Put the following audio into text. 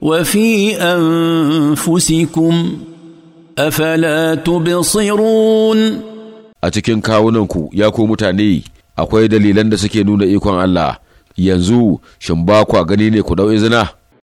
وفي أنفسكم أفلا تبصرون a cikin kawunanku ya ko mutane akwai dalilan da suke nuna ikon Allah yanzu shin ba kwa gani ne ku dau izina